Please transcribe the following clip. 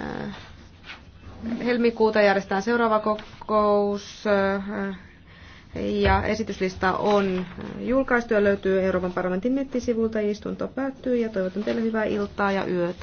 Äh, helmikuuta järjestetään seuraava kokous äh, ja esityslista on julkaistu ja löytyy Euroopan parlamentin nettisivulta. Istunto päättyy ja toivotan teille hyvää iltaa ja yötä.